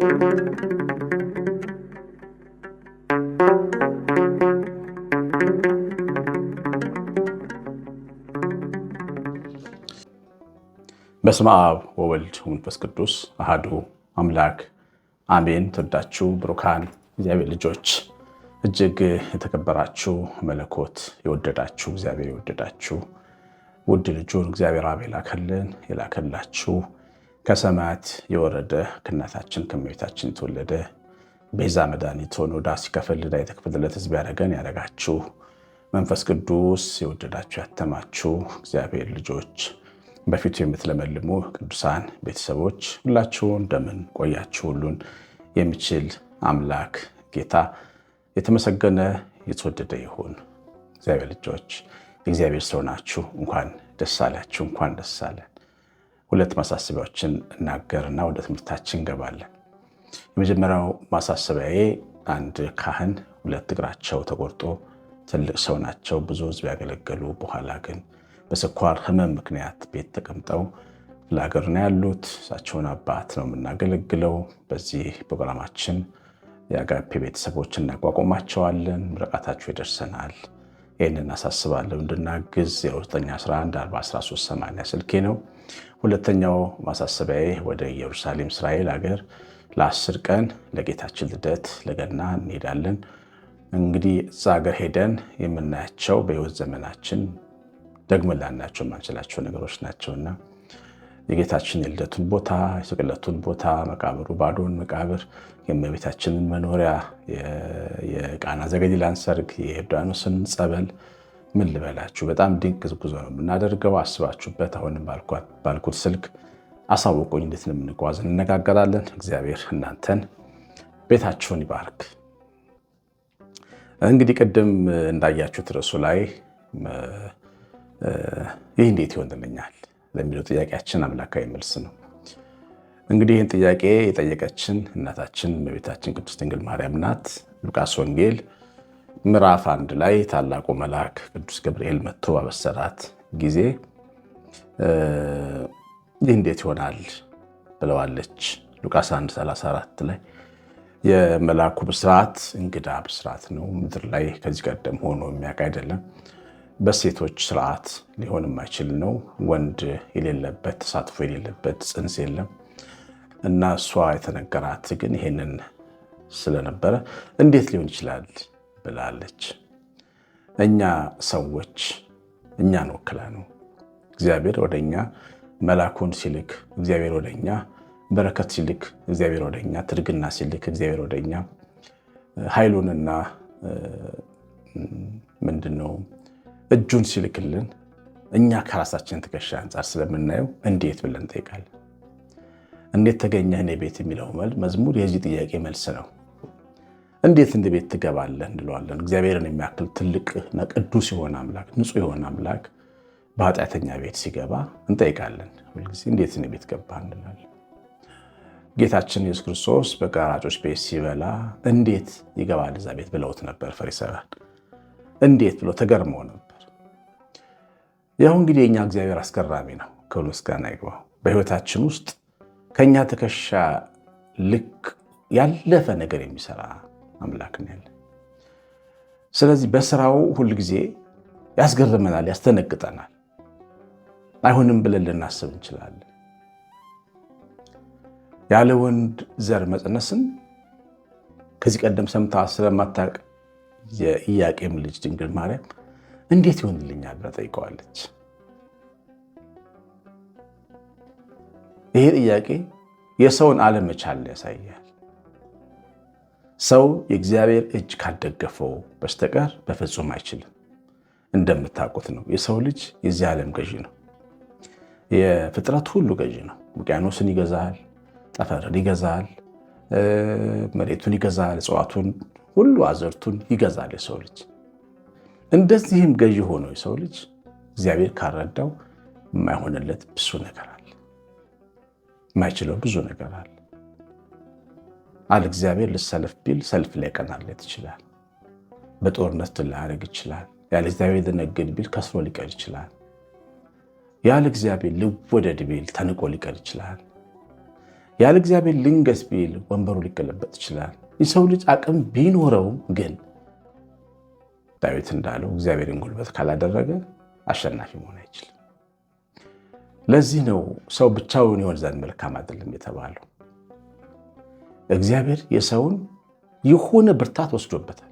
በስመ አብ ወወልድ ወመንፈስ ቅዱስ አሃዱ አምላክ አሜን። ተወዳችሁ ብሩካን እግዚአብሔር ልጆች እጅግ የተከበራችሁ መለኮት የወደዳችሁ እግዚአብሔር የወደዳችሁ ውድ ልጁን እግዚአብሔር አብ የላከልን የላከላችሁ ከሰማያት የወረደ ከእናታችን ከእመቤታችን የተወለደ ቤዛ መድኃኒት ሆኖ ዕዳ ሲከፍል ዕዳ የተከፈለለት ሕዝብ ያደረገን ያደረጋችሁ መንፈስ ቅዱስ የወደዳችሁ ያተማችሁ እግዚአብሔር ልጆች በፊቱ የምትለመልሙ ቅዱሳን ቤተሰቦች ሁላችሁን እንደምን ቆያችሁ? ሁሉን የሚችል አምላክ ጌታ የተመሰገነ የተወደደ ይሁን። እግዚአብሔር ልጆች፣ እግዚአብሔር ስለሆናችሁ እንኳን ደስ አላችሁ፣ እንኳን ደስ አለ። ሁለት ማሳሰቢያዎችን እናገርና ወደ ትምህርታችን እንገባለን። የመጀመሪያው ማሳሰቢያዬ አንድ ካህን ሁለት እግራቸው ተቆርጦ ትልቅ ሰው ናቸው፣ ብዙ ሕዝብ ያገለገሉ በኋላ ግን በስኳር ህመም ምክንያት ቤት ተቀምጠው ለሀገር ነው ያሉት። እሳቸውን አባት ነው የምናገለግለው። በዚህ ፕሮግራማችን የአጋፔ ቤተሰቦች እናቋቁማቸዋለን። ምርቃታችሁ ይደርሰናል። ይህንን አሳስባለሁ እንድናግዝ የ 9114138 413 ስልኬ ነው። ሁለተኛው ማሳሰቢያዬ ወደ ኢየሩሳሌም እስራኤል ሀገር ለአስር ቀን ለጌታችን ልደት ለገና እንሄዳለን። እንግዲህ እዛ ሀገር ሄደን የምናያቸው በህይወት ዘመናችን ደግመን ላናያቸው የማንችላቸው ነገሮች ናቸውና የጌታችን የልደቱን ቦታ፣ የስቅለቱን ቦታ፣ መቃብሩ ባዶን መቃብር፣ የእመቤታችንን መኖሪያ፣ የቃና ዘገሊላን ሰርግ፣ የዮርዳኖስን ጸበል ምን ልበላችሁ፣ በጣም ድንቅ ጉዞ ነው የምናደርገው። አስባችሁበት። አሁንም ባልኩት ስልክ አሳውቁኝ እንዴት ነው የምንጓዝ፣ እንነጋገራለን። እግዚአብሔር እናንተን ቤታችሁን ይባርክ። እንግዲህ ቅድም እንዳያችሁት ርዕሱ ላይ ይህ እንዴት ይሆንልኛል ለሚለው ጥያቄያችን አምላካዊ መልስ ነው። እንግዲህ ይህን ጥያቄ የጠየቀችን እናታችን እመቤታችን ቅድስት ድንግል ማርያም ናት። ሉቃስ ወንጌል ምዕራፍ አንድ ላይ ታላቁ መልአክ ቅዱስ ገብርኤል መጥቶ ባበሰራት ጊዜ ይህ እንዴት ይሆናል ብለዋለች። ሉቃስ 1 34 ላይ የመልአኩ ብስራት እንግዳ ብስራት ነው። ምድር ላይ ከዚህ ቀደም ሆኖ የሚያውቅ አይደለም። በሴቶች ስርዓት ሊሆን የማይችል ነው። ወንድ የሌለበት ተሳትፎ የሌለበት ጽንስ የለም እና እሷ የተነገራት ግን ይሄንን ስለነበረ እንዴት ሊሆን ይችላል ብላለች። እኛ ሰዎች እኛ ወክላ ነው እግዚአብሔር ወደኛ መላኩን ሲልክ፣ እግዚአብሔር ወደኛ በረከት ሲልክ፣ እግዚአብሔር ወደኛ ትርግና ሲልክ፣ እግዚአብሔር ወደኛ እኛ ኃይሉንና ምንድነው እጁን ሲልክልን እኛ ከራሳችን ትከሻ አንጻር ስለምናየው እንዴት ብለን እንጠይቃለን። እንዴት ተገኘህ እኔ ቤት የሚለው መዝሙር የዚህ ጥያቄ መልስ ነው። እንዴት እንደ ቤት ትገባለህ እንለዋለን። እግዚአብሔርን የሚያክል ትልቅ ቅዱስ የሆነ አምላክ ንጹህ የሆነ አምላክ በኃጢአተኛ ቤት ሲገባ እንጠይቃለን። ሁልጊዜ እንዴት እንደ ቤት ገባ እንላለን። ጌታችን ኢየሱስ ክርስቶስ በቀራጮች ቤት ሲበላ እንዴት ይገባል እዛ ቤት ብለውት ነበር ፈሪሳውያን። እንዴት ብሎ ተገርመው ነበር። ያው እንግዲህ የኛ እግዚአብሔር አስገራሚ ነው። ክብር ምስጋና ይግባው። በህይወታችን ውስጥ ከኛ ትከሻ ልክ ያለፈ ነገር የሚሰራ አምላክ ነው ስለዚህ በስራው ሁልጊዜ ያስገርመናል፣ ያስተነግጠናል። አይሆንም ብለን ልናስብ እንችላለን። ያለ ወንድ ዘር መጽነስን ከዚህ ቀደም ሰምታ ስለማታቅ የኢያቄም ልጅ ድንግል ማርያም እንዴት ይሆንልኛል ብላ ጠይቀዋለች። ይሄ ጥያቄ የሰውን አለመቻል ያሳያል። ሰው የእግዚአብሔር እጅ ካልደገፈው በስተቀር በፍጹም አይችልም። እንደምታውቁት ነው የሰው ልጅ የዚህ ዓለም ገዢ ነው። የፍጥረት ሁሉ ገዢ ነው። ውቅያኖስን ይገዛል፣ ጠፈርን ይገዛል፣ መሬቱን ይገዛል፣ እጽዋቱን ሁሉ አዘርቱን ይገዛል የሰው ልጅ። እንደዚህም ገዢ ሆኖ የሰው ልጅ እግዚአብሔር ካልረዳው የማይሆንለት ብዙ ነገር አለ፣ የማይችለው ብዙ ነገር አለ። አለ እግዚአብሔር ልሰልፍ ቢል ሰልፍ ላይ ቀናለት ይችላል። በጦርነት ድል ይችላል። ያለ እግዚአብሔር ልነግድ ቢል ከስሮ ሊቀር ይችላል። ያለ እግዚአብሔር ልወደድ ቢል ተንቆ ሊቀር ይችላል። ያለ እግዚአብሔር ልንገስ ቢል ወንበሩ ሊገለበጥ ይችላል። የሰው ልጅ አቅም ቢኖረውም ግን ዳዊት እንዳለው እግዚአብሔርን ጉልበት ካላደረገ አሸናፊ መሆን አይችልም። ለዚህ ነው ሰው ብቻውን ይሆን ዘንድ መልካም አይደለም የተባለው። እግዚአብሔር የሰውን የሆነ ብርታት ወስዶበታል።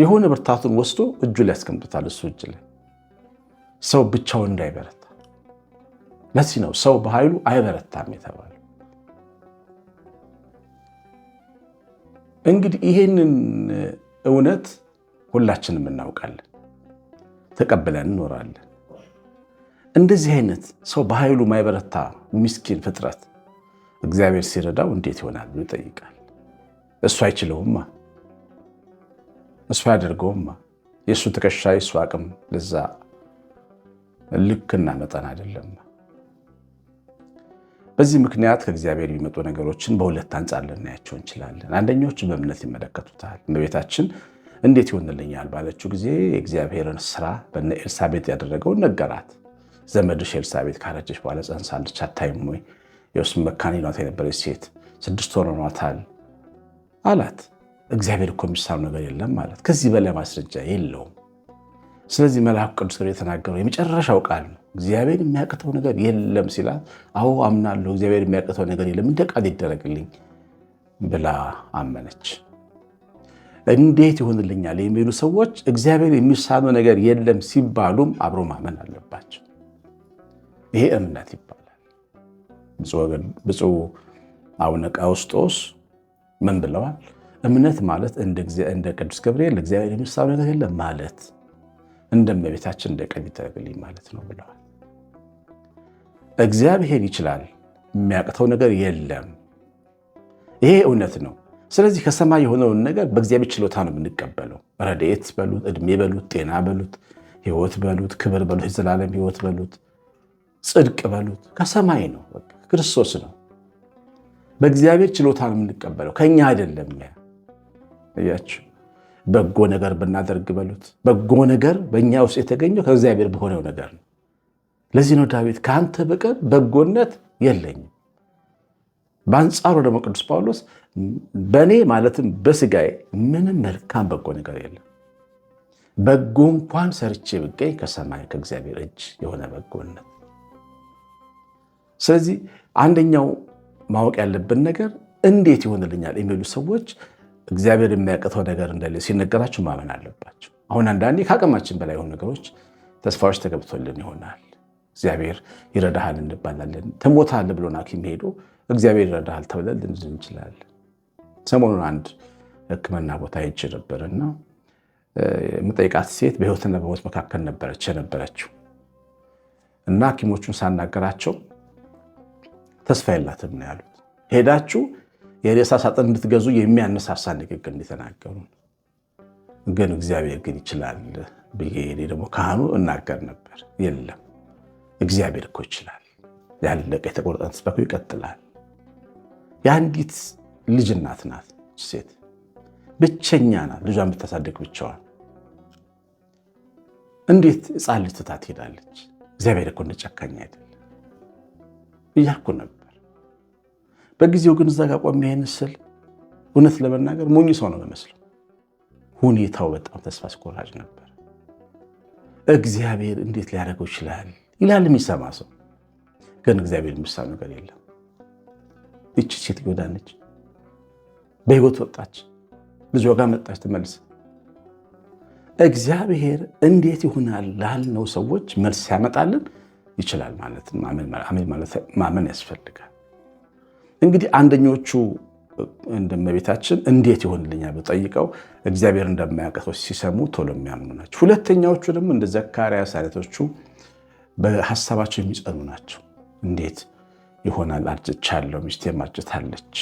የሆነ ብርታቱን ወስዶ እጁ ላይ ያስቀምጦታል። እሱ እጅ ላይ ሰው ብቻውን እንዳይበረታ። ለዚህ ነው ሰው በኃይሉ አይበረታም የተባለ። እንግዲህ ይሄንን እውነት ሁላችንም እናውቃለን፣ ተቀብለን እንኖራለን። እንደዚህ አይነት ሰው በኃይሉ ማይበረታ ምስኪን ፍጥረት እግዚአብሔር ሲረዳው እንዴት ይሆናል ብሎ ይጠይቃል። እሱ አይችለውማ፣ እሱ አያደርገውማ። የእሱ ትከሻ የእሱ አቅም ለዛ ልክና መጠን አይደለም። በዚህ ምክንያት ከእግዚአብሔር የሚመጡ ነገሮችን በሁለት አንጻር ልናያቸው እንችላለን። አንደኛዎቹ በእምነት ይመለከቱታል። እመቤታችን እንዴት ይሆንልኛል ባለችው ጊዜ የእግዚአብሔርን ስራ በነ ኤልሳቤጥ ያደረገውን ነገራት። ዘመድሽ ኤልሳቤጥ ካረጀች በኋላ ጸንሳለች አታይም ወይ? የእርሱም መካን ይሏት የነበረች ሴት ስድስት ወር ሆኗታል አላት። እግዚአብሔር እኮ የሚሳነው ነገር የለም ማለት ከዚህ በላይ ማስረጃ የለውም። ስለዚህ መልአኩ ቅዱስ ገብርኤል የተናገረው የመጨረሻው ቃል ነው። እግዚአብሔር የሚያቅተው ነገር የለም ሲላት፣ አዎ አምናለሁ፣ እግዚአብሔር የሚያቅተው ነገር የለም፣ እንደ ቃል ይደረግልኝ ብላ አመነች። እንዴት ይሆንልኛል የሚሉ ሰዎች እግዚአብሔር የሚሳነው ነገር የለም ሲባሉም አብሮ ማመን አለባቸው። ይሄ እምነት ይባላል። ብፁዕ አቡነ ቃውስጦስ ምን ብለዋል? እምነት ማለት እንደ ቅዱስ ገብርኤል ለእግዚአብሔር የሚሳነው ነገር የለም ማለት እንደ እመቤታችን እንደ ቀዲተ ብልኝ ማለት ነው ብለዋል። እግዚአብሔር ይችላል፣ የሚያቅተው ነገር የለም። ይሄ እውነት ነው። ስለዚህ ከሰማይ የሆነውን ነገር በእግዚአብሔር ችሎታ ነው የምንቀበለው። ረድኤት በሉት፣ እድሜ በሉት፣ ጤና በሉት፣ ህይወት በሉት፣ ክብር በሉት፣ የዘላለም ህይወት በሉት፣ ጽድቅ በሉት ከሰማይ ነው በቃ ክርስቶስ ነው። በእግዚአብሔር ችሎታ ነው የምንቀበለው፣ ከኛ አይደለም። እያችሁ በጎ ነገር ብናደርግ በሉት። በጎ ነገር በእኛ ውስጥ የተገኘው ከእግዚአብሔር በሆነው ነገር ነው። ለዚህ ነው ዳዊት ከአንተ በቀር በጎነት የለኝም። በአንጻሩ ደግሞ ቅዱስ ጳውሎስ በእኔ ማለትም በስጋዬ ምንም መልካም በጎ ነገር የለም፣ በጎ እንኳን ሰርቼ ብገኝ ከሰማይ ከእግዚአብሔር እጅ የሆነ በጎነት ስለዚህ አንደኛው ማወቅ ያለብን ነገር እንዴት ይሆንልኛል የሚሉ ሰዎች እግዚአብሔር የሚያቅተው ነገር እንደሌለ ሲነገራቸው ማመን አለባቸው። አሁን አንዳንዴ ከአቅማችን በላይ የሆኑ ነገሮች ተስፋዎች ተገብቶልን ይሆናል። እግዚአብሔር ይረዳሃል እንባላለን። ትሞታለህ ብሎን ሐኪም ሄዶ እግዚአብሔር ይረዳሃል ተብለን ልንድን እንችላለን። ሰሞኑን አንድ ሕክምና ቦታ ሄጄ ነበር እና የምጠይቃት ሴት በህይወትና በሞት መካከል ነበረች የነበረችው እና ሐኪሞቹን ሳናገራቸው ተስፋ የላትም ነው ያሉት። ሄዳችሁ የሬሳ ሳጥን እንድትገዙ የሚያነሳሳ ንግግር እንደተናገሩ ግን እግዚአብሔር ግን ይችላል ብዬ እኔ ደግሞ ካህኑ እናገር ነበር። የለም እግዚአብሔር እኮ ይችላል። ያለቀ የተቆረጠን ተስፋ ይቀጥላል። የአንዲት ልጅ እናት ናት፣ ሴት ብቸኛ ናት። ልጇን ብታሳደግ ብቻዋን እንዴት ሕፃን ልጅ ትታ ትሄዳለች? እግዚአብሔር እኮ እንደ ጨካኝ አይደለም እያልኩ ነበር። በጊዜው ግን እዛ ጋር ቆሜ ይህን ስል እውነት ለመናገር ሞኝ ሰው ነው የሚመስለው። ሁኔታው በጣም ተስፋ አስቆራጭ ነበር። እግዚአብሔር እንዴት ሊያደርገው ይችላል ይላል የሚሰማ ሰው። ግን እግዚአብሔር የሚሳ ነገር የለም። ይች ሴት ጎዳነች፣ በህይወት ወጣች፣ ልጇ ጋር መጣች፣ ትመልስ እግዚአብሔር እንዴት ይሆናል ላልነው ሰዎች መልስ ያመጣልን ይችላል ማለት ማመን ያስፈልጋል። እንግዲህ አንደኞቹ እንደመቤታችን እንዴት ይሆንልኛ ብጠይቀው እግዚአብሔር እንደማያውቃቸው ሲሰሙ ቶሎ የሚያምኑ ናቸው። ሁለተኛዎቹ ደግሞ እንደ ዘካርያስ አይነቶቹ በሀሳባቸው የሚጸኑ ናቸው። እንዴት ይሆናል? አርጅቻለሁ፣ ሚስቴ አርጅታለች፣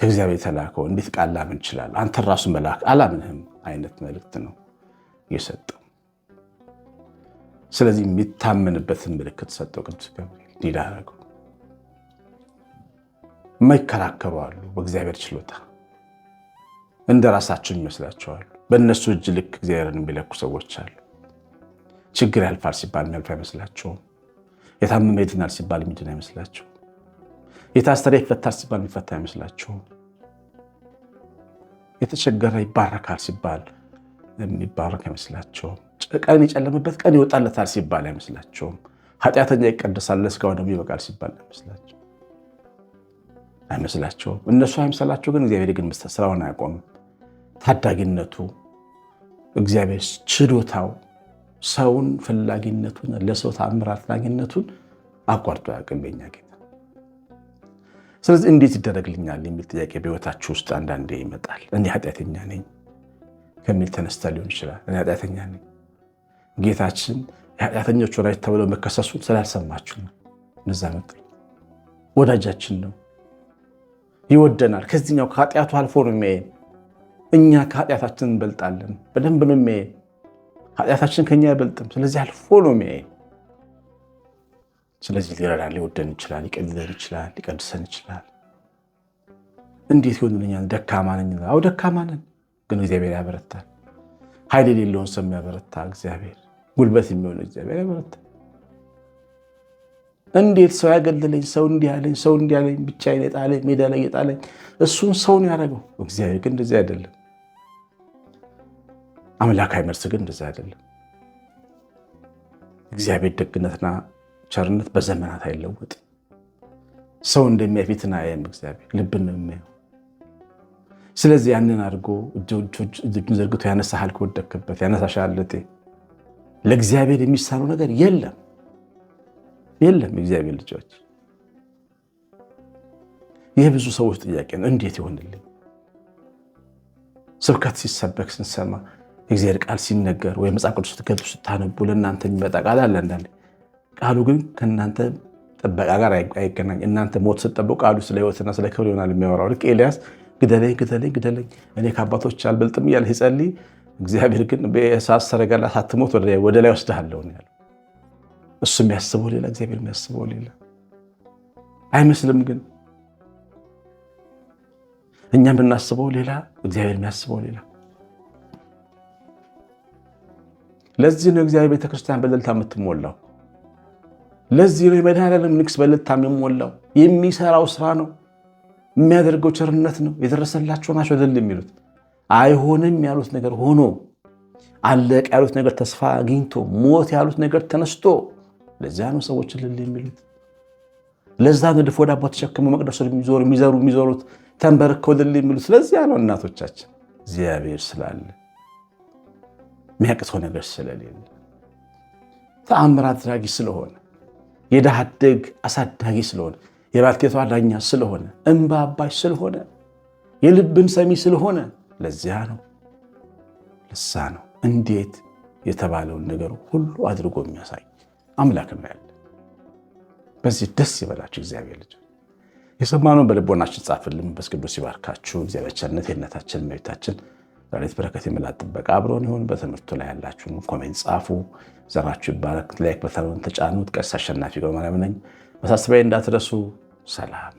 ከእግዚአብሔር ተላከው እንዴት ቃል ላምን እንችላለሁ? አንተ ራሱ መላክ አላምንህም አይነት መልእክት ነው የሰጠው። ስለዚህ የሚታመንበትን ምልክት ሰጠው ቅዱስ ገብርኤል ዲዳረገው የማይከራከሩ አሉ። በእግዚአብሔር ችሎታ እንደ ራሳቸው ይመስላቸዋል። በእነሱ እጅ ልክ እግዚአብሔርን የሚለኩ ሰዎች አሉ። ችግር ያልፋል ሲባል የሚያልፍ አይመስላቸውም። የታመመ ይድናል ሲባል የሚድን አይመስላቸውም። የታሰረ ይፈታል ሲባል የሚፈታ አይመስላቸውም። የተቸገረ ይባረካል ሲባል የሚባረክ አይመስላቸውም። ቀን የጨለመበት ቀን ይወጣለታል ሲባል አይመስላቸውም። ኃጢአተኛ ይቀደሳል ለስጋው ደግሞ ይበቃል ሲባል አይመስላቸው አይመስላቸውም። እነሱ አይመስላቸው፣ ግን እግዚአብሔር ግን ስራውን አያቆምም። ታዳጊነቱ፣ እግዚአብሔር ችሎታው፣ ሰውን ፈላጊነቱን፣ ለሰው ታምር አድራጊነቱን አቋርጦ አያውቅም የእኛ ጌታ። ስለዚህ እንዴት ይደረግልኛል የሚል ጥያቄ በህይወታችሁ ውስጥ አንዳንዴ ይመጣል። እኔ ኃጢአተኛ ነኝ ከሚል ተነስተ ሊሆን ይችላል። እኔ ኃጢአተኛ ነኝ። ጌታችን የኃጢአተኞች ወዳጅ ተብለው መከሰሱን ስላልሰማችሁ ነው። እነዛ መጠኝ ወዳጃችን ነው ይወደናል። ከዚህኛው ከኃጢአቱ አልፎ ነው የሚያየን። እኛ ከኃጢአታችን እንበልጣለን። በደንብ ነው የሚያየን። ኃጢአታችን ከኛ አይበልጥም። ስለዚህ አልፎ ነው የሚያየን። ስለዚህ ሊረዳን ሊወደን ይችላል። ሊቀልለን ይችላል። ሊቀድሰን ይችላል። እንዴት ይሆንልኛል? ደካማ ነኝ። አዎ ደካማ ነን፣ ግን እግዚአብሔር ያበረታል። ኃይል የሌለውን ሰው ያበረታ እግዚአብሔር፣ ጉልበት የሚሆን እግዚአብሔር ያበረታል። እንዴት ሰው ያገለለኝ ሰው እንዲያለኝ ሰው እንዲያለኝ ብቻዬን የጣለኝ ሜዳ ላይ የጣለኝ እሱን ሰውን ያደረገው። እግዚአብሔር ግን እንደዚህ አይደለም። አምላካዊ መልስ ግን እንደዚህ አይደለም። እግዚአብሔር ደግነትና ቸርነት በዘመናት አይለወጥ። ሰው እንደሚያይ ፊትን አያይም፣ እግዚአብሔር ልብን ነው የሚያየው። ስለዚህ ያንን አድርጎ እጁን ዘርግቶ ያነሳሃል፣ ከወደቅክበት ያነሳሻል። ለእግዚአብሔር የሚሳነው ነገር የለም። የለም። እግዚአብሔር ልጆች፣ ይህ ብዙ ሰዎች ጥያቄ ነው። እንዴት ይሆንልኝ? ስብከት ሲሰበክ ስንሰማ፣ እግዚአብሔር ቃል ሲነገር፣ ወይ መጽሐፍ ቅዱስ ስትገቡ ስታነቡ ለእናንተ የሚመጣ ቃል አለ። አንዳንዴ ቃሉ ግን ከእናንተ ጥበቃ ጋር አይገናኝ። እናንተ ሞት ስጠበቁ ቃሉ ስለ ህይወትና ስለ ክብር ይሆናል የሚያወራው። ልክ ኤልያስ ግደለኝ ግደለኝ ግደለኝ እኔ ከአባቶች አልበልጥም እያለ ሲጸልይ፣ እግዚአብሔር ግን በእሳት ሰረገላ ሳትሞት ወደ ላይ ወስደሃለሁ ያለው እሱ የሚያስበው ሌላ፣ እግዚአብሔር የሚያስበው ሌላ አይመስልም። ግን እኛ የምናስበው ሌላ፣ እግዚአብሔር የሚያስበው ሌላ። ለዚህ ነው እግዚአብሔር ቤተክርስቲያን በልልታ የምትሞላው። ለዚህ ነው የመድኃኔዓለም ንግስ በልልታ የሚሞላው። የሚሰራው ስራ ነው፣ የሚያደርገው ቸርነት ነው። የደረሰላቸው ናቸው ድል የሚሉት አይሆንም ያሉት ነገር ሆኖ አለቀ ያሉት ነገር ተስፋ አግኝቶ ሞት ያሉት ነገር ተነስቶ ለዚያ ነው ሰዎች እልል የሚሉት። ለዛ ነው ድፎ ዳቦ ተሸክሞ መቅደስ የሚዞሩ የሚዘሩ የሚዞሩት ተንበርከው እልል የሚሉት ስለዚያ ነው። እናቶቻችን እግዚአብሔር ስላለ የሚያቅተው ነገር ስለሌለ ተአምር አድራጊ ስለሆነ የድሃ አደግ አሳዳጊ ስለሆነ የባልቴቷ ዳኛ ስለሆነ እንባ አባሽ ስለሆነ የልብን ሰሚ ስለሆነ ለዚያ ነው ለዛ ነው እንዴት የተባለውን ነገር ሁሉ አድርጎ የሚያሳይ አምላክ እናያለን። በዚህ ደስ ይበላችሁ እግዚአብሔር ልጅ የሰማነውን በልቦናችን ጻፍልን። መንፈስ ቅዱስ ይባርካችሁ። እግዚአብሔር ቸርነት የነታችን መቤታችን ዛሬት በረከት የመላ ጥበቃ አብሮን ይሁን። በትምህርቱ ላይ ያላችሁን ኮሜንት ጻፉ። ዘራችሁ ይባረክ። ላይክ በተኑን ተጫኑት። ቀሲስ አሸናፊ ገብረማርያም ነኝ። መሳሰቢያ እንዳትረሱ። ሰላም